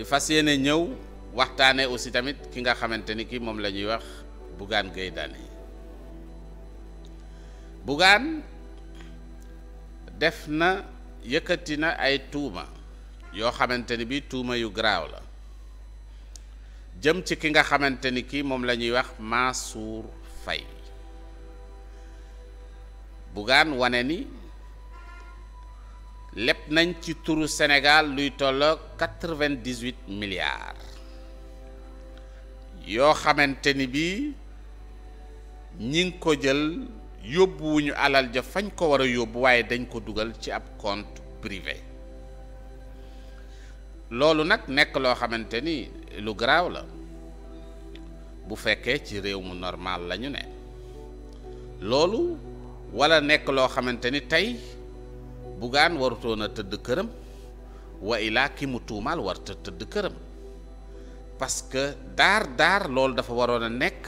di fas yéene ñëw waxtaanee aussi tamit ki nga xamante ni ki moom la ñuy wax Bougane Gueye Dany Bougane def na yëkkati na ay tuuma yoo xamante ni bi tuuma yu garaaw la jëm ci ki nga xamante ni ki moom la ñuy wax Mansour Faye Bougane wane ni lépp nañ ci turu senegaal luy tolloo quatre-vingt-dix-huit milliards yoo xamante ni bi ñi ngi ko jël yóbbuwuñu alal ja fañ ko war a yóbbu waaye dañ ko dugal ci ab compte privé loolu nag nekk loo xamante ni lu garaaw la bu fekkee ci réew mu normal la ñu ne loolu walla nekk loo xamante ni tey bugaan warutoon a tëdd këram wa ilaa ki mu tuumaal warta tëdd këram parce que daar daar loolu dafa waroon a nekk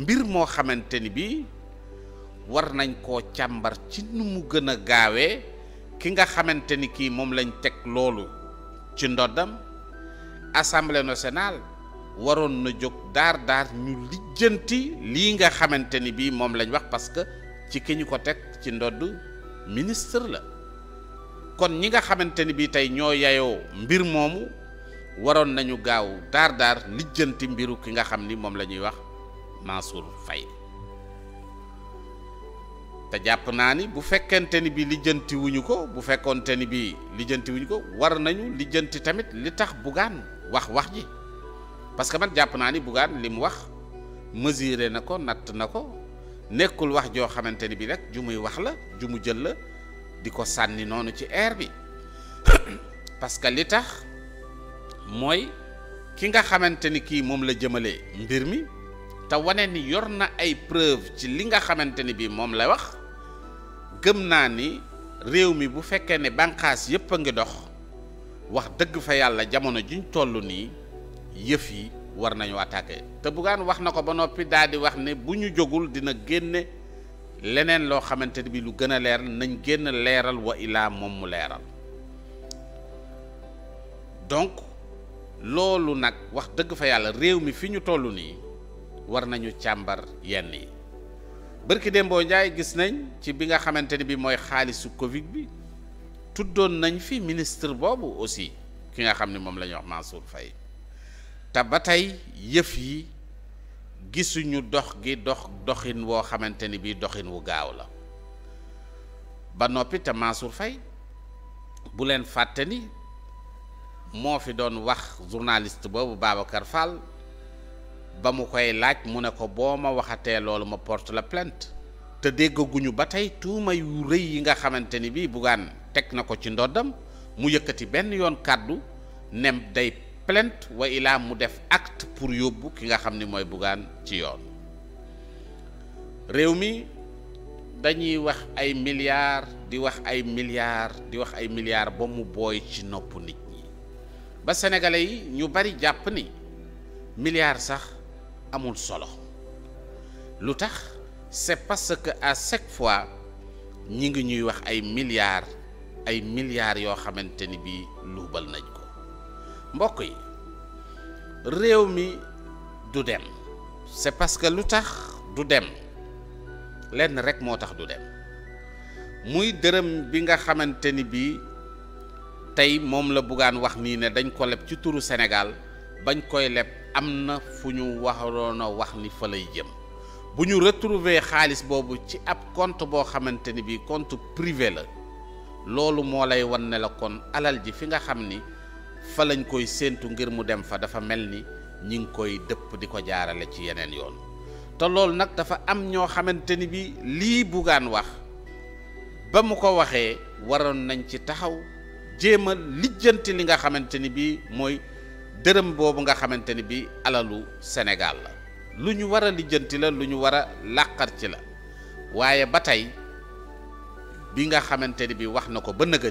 mbir moo xamante ni bii war nañ koo càmbar ci nu mu gën a gaawee ki nga xamante ni kii moom lañ teg loolu ci ndoddam assemblée nationale waroon na jóg daar daar ñu lijjanti lii nga xamante ni bii moom lañ wax parce que ci ki ñu ko teg ci ndodd ministre la kon ñi nga xamante ni bii tey ñoo yayoo mbir moomu waroon nañu gaaw daar daar lijjanti mbiru ki nga xam ni moom la ñuy wax Mansour Faye te jàpp naa ni bu fekkente ni bi lijjantiwuñu ko bu fekkoonte ni bi lijjanti ko war nañu lijjanti tamit li tax Bougane wax wax ji parce que man jàpp naa ni Bougane li mu wax mesuré na ko natt na ko nekkul wax joo xamante ni bi rek ju muy wax la ju mu jël la di ko sànni noonu ci air bi parce que li tax mooy ki nga xamante ni kii moom la jëmale mbir mi te wane ni yor na ay preuve ci li nga xamante ni bii moom la wax gëm naa ni réew mi bu fekkee ne bànqaas yépp a ngi dox wax dëgg fa yàlla jamono juñ toll nii yëf yi war nañu attaqué te Bougane wax na ko ba noppi daal wax ne bu ñu jógul dina génne leneen loo xamante ne bi lu gën a leer nañ génn leeral wa ilaa moom mu leeral donc loolu nag wax dëgg fa yàlla réew mi fi ñu toll nii war nañu càmbar yenn yi bërki démboo njaay gis nañ ci bi nga xamante ne bi mooy xaalisu covid bi tuddoon nañ fi ministre boobu aussi ki nga xam ne moom la ñuy wax Mansour Faye te ba tey yëf yi gisuñu dox gi dox doxin woo xamante ni bii doxin wu gaaw la ba noppi te Mansour Faye bu leen fàtte ni moo fi doon wax journaliste boobu Babacar Fall ba mu koy laaj mu ne ko boo ma waxatee loolu ma porte la plainte te déggaguñu ba tey tuuma yu rëy yi nga xamante ni bii Bougane teg na ko ci ndoddam mu yëkkati benn yoon kàddu nem day plainte wa ilaa mu def acte pour yóbbu ki nga xam ni mooy Bougane ci yoon réew mi dañuy wax ay milliards di wax ay milliards di wax ay milliards ba mu booy ci noppu nit ñi ba sénégalais yi ñu bari jàpp ni milliards sax amul solo lu tax c'est parce que à chaque fois ñi ngi ñuy wax ay milliards ay milliards yoo xamante ni bii luubal nañ mbokk yi réew mi du dem c'est parce que lu tax du dem lenn rek moo tax du dem muy dërëm bi nga xamante ni bii tey moom la buggaan wax nii ne dañ ko leb ci turu senegal bañ koy leb am na fu ñu waxoon a wax ni fa lay jëm bu ñu retrouver xaalis boobu ci ab compte boo xamante ni bii compte privé la loolu moo lay wan ne la kon alal ji fi nga xam ni fa lañ koy séentu ngir mu dem fa dafa mel ni ñi ngi koy dëpp di ko jaarale ci yeneen yoon te loolu nag dafa am ñoo xamante ni bi lii bugaan wax ba mu ko waxee waroon nañ ci taxaw jéem a lijjanti li nga xamante ni bi mooy dërëm boobu nga xamante ni bi alalu Sénégal la lu ñu war a lijjanti la lu ñu war a làqar ci la waaye ba tey bi nga xamante ni bi wax na ko ba nëga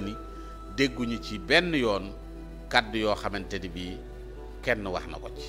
dégguñu ci benn yoon kàddu yoo xamante ni bii kenn wax na ko ci